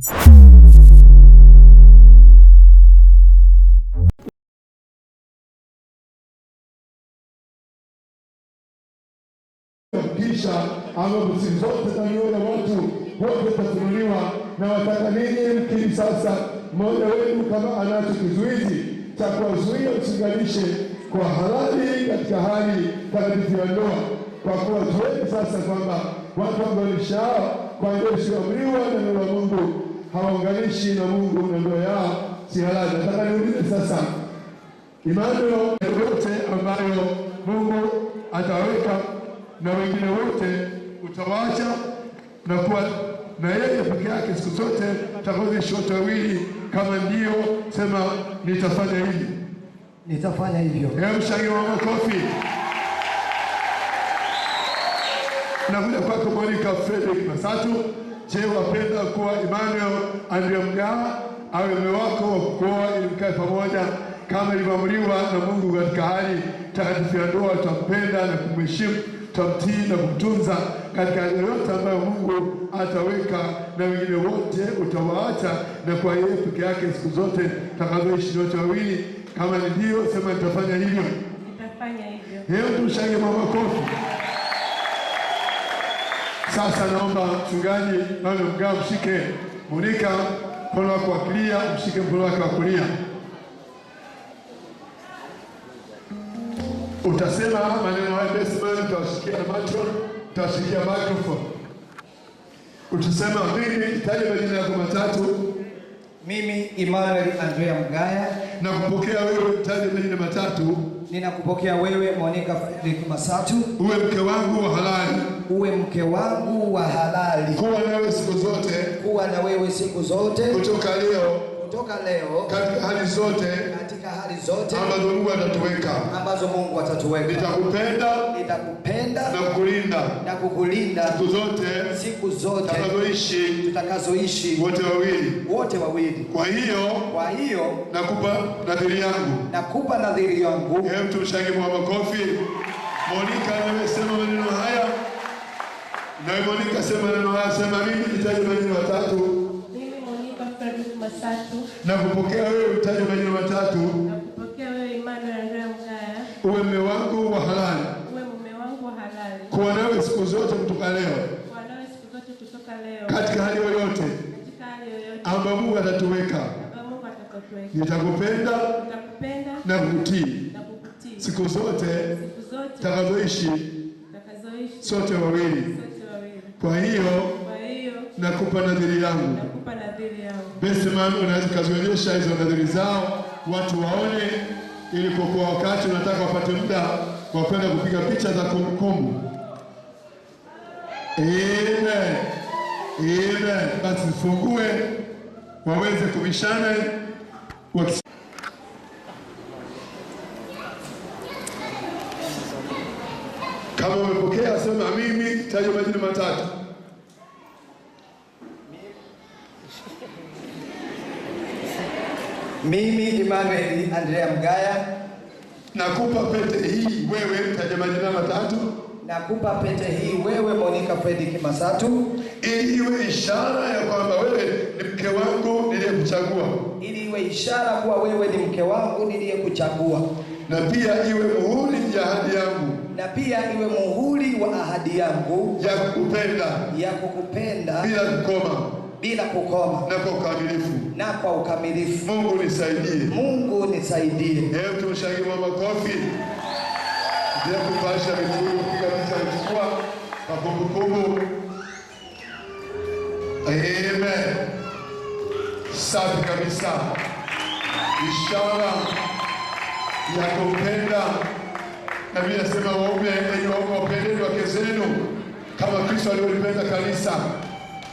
Kisha ambapo siku zote tamiona watu wote watafunuliwa, na wataka ninyi mkiri sasa, mmoja wenu kama anacho kizuizi cha kuwazuia msiganishe kwa halali katika hali takatifu ya ndoa, kwa kuwa zoeni sasa kwamba watu ambao ni shaao kwa njia isiyoamriwa na neno la Mungu hawaunganishi na Mungu na ndoa yao si halali. Nataka niulize sasa, ni mambo yote ambayo Mungu ataweka na wengine wote utawacha na kuwa na yeye peke yake siku zote, takozi shote wawili. Kama ndio sema, nitafanya hivi, nitafanya hivyo. Mshangi wa makofi. Nakuja kwako Monica Frederick Masatu. Je, wapenda kuwa Emmanuel Andrea Mgawa awe mume wako wa kuoa ili mkae pamoja kama ilivyoamriwa na Mungu katika hali takatifu ya ndoa? Tutampenda na kumheshimu, tutamtii na kumtunza katika yoyote ambayo Mungu ataweka, na wengine wote utawaacha na kwa yeye peke yake siku zote takazoishi wote wawili. Kama ni ndio, sema nitafanya hivyo. Nitafanya hivyo. Hebu tushangilie mama kofi. Sasa naomba mchungaji Mame Mgaa mshike Monika mkono wako wa kulia, mshike mkono wake wa kulia. Utasema maneno hayo simani, utashikia macho, utashikia microphone, utasema mimi, taja majina yako matatu. Mimi Emmanuel Andrea Mgaya. Na kupokea wewe, taje majina matatu ninakupokea wewe Monica Frederick Masatu, uwe mke wangu wa halali, uwe mke wangu wa halali, kuwa wewe siku zote, kuwa na wewe siku zote, kutoka leo kutoka leo katika hali zote katika hali zote ambazo Mungu atatuweka ambazo Mungu atatuweka, nitakupenda nitakupenda na kukulinda na kukulinda siku zote siku zote tutakazoishi tutakazoishi wote wawili wote wawili. Kwa hiyo kwa hiyo nakupa nadhiri yangu nakupa nadhiri yangu. Hebu tumshangilie kwa makofi Monica anayesema maneno haya, na Monica sema maneno haya, sema mimi Pasatu na wewe utaje majina matatu Nakupokea kupokea wewe Emmanuel Andrea Mgaya uwe mume wangu wa halali uwe mume wangu wa halali kuwa nawe siku zote kutoka leo kuwa nawe siku zote kutoka leo katika hali yoyote katika hali yoyote ambapo Mungu atatuweka ambapo Mungu atakapoweka nitakupenda nitakupenda na kukutii na kukutii siku zote siku zote takazoishi takazoishi sote wawili sote wawili kwa hiyo nakupa nadhiri yangu. Beseman, unaweza ukazionyesha hizo nadhiri zao watu waone, ili kwa wakati unataka wapate muda wa kwenda kupiga picha za kumbukumbu. Amen. Amen. Basi fungue waweze kubishana kama umepokea, sema mimi, taja majina matatu Mimi Emmanuel Andrea Mgaya nakupa pete hii wewe, taja majina matatu. Nakupa pete hii wewe Monica Fredrick Masatu, ili iwe ishara ya kwamba wewe ni mke wangu niliyekuchagua, ili iwe ishara kuwa wewe ni mke wangu niliyekuchagua, na pia iwe muhuri ya ahadi yangu, na pia iwe muhuri wa ahadi yangu ya kukupenda, ya kukupenda bila kukoma, bila kukoma na kwa ukamilifu na kwa ukamilifu. Mungu nisaidie, Mungu nisaidie. Hebu tumshangilie mama kofi, ndio kupasha mitume kupiga picha kwa kumbukumbu. Amen, safi kabisa, ishara ya kupenda. Na Biblia inasema waume, enyi waume, wapendeni wake zenu kama Kristo alivyolipenda kanisa.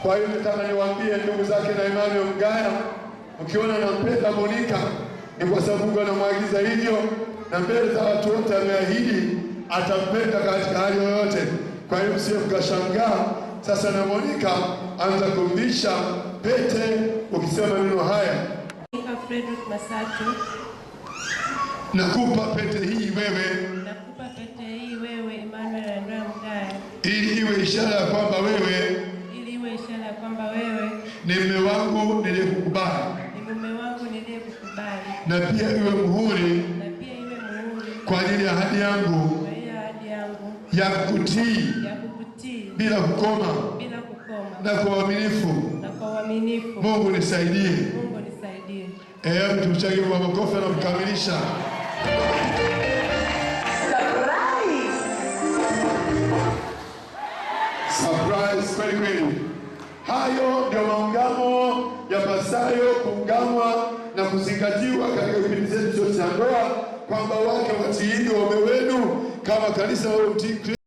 Kwa hiyo nataka niwaambie ndugu zake na imani ya Mgaya, mkiona nampenda Monica ni kwa sababu Mungu anamwagiza hivyo, na mbele za watu wote ameahidi atampenda katika hali yoyote. Kwa hiyo msije mkashangaa sasa na Monica anza kumvisha pete ukisema maneno haya, Fredrick Masatu, nakupa pete hii wewe, nakupa pete hii wewe Emmanuel Andrea Mgaya, ili iwe ishara ya kwamba wewe ni mume wangu niliyekukubali, kukubali na pia iwe muhuri, kwa ajili ya ahadi yangu, ya kutii bila kukoma, na kwa uaminifu, Mungu nisaidie, Mungu mtu Eh, kwa makofi na kumkamilisha. Surprise kweli kweli. Hayo ndio maungamo yapasayo kuungamwa na kuzingatiwa katika kipindi chetu cha ndoa, kwamba wake watiini waume wenu kama kanisa la mtii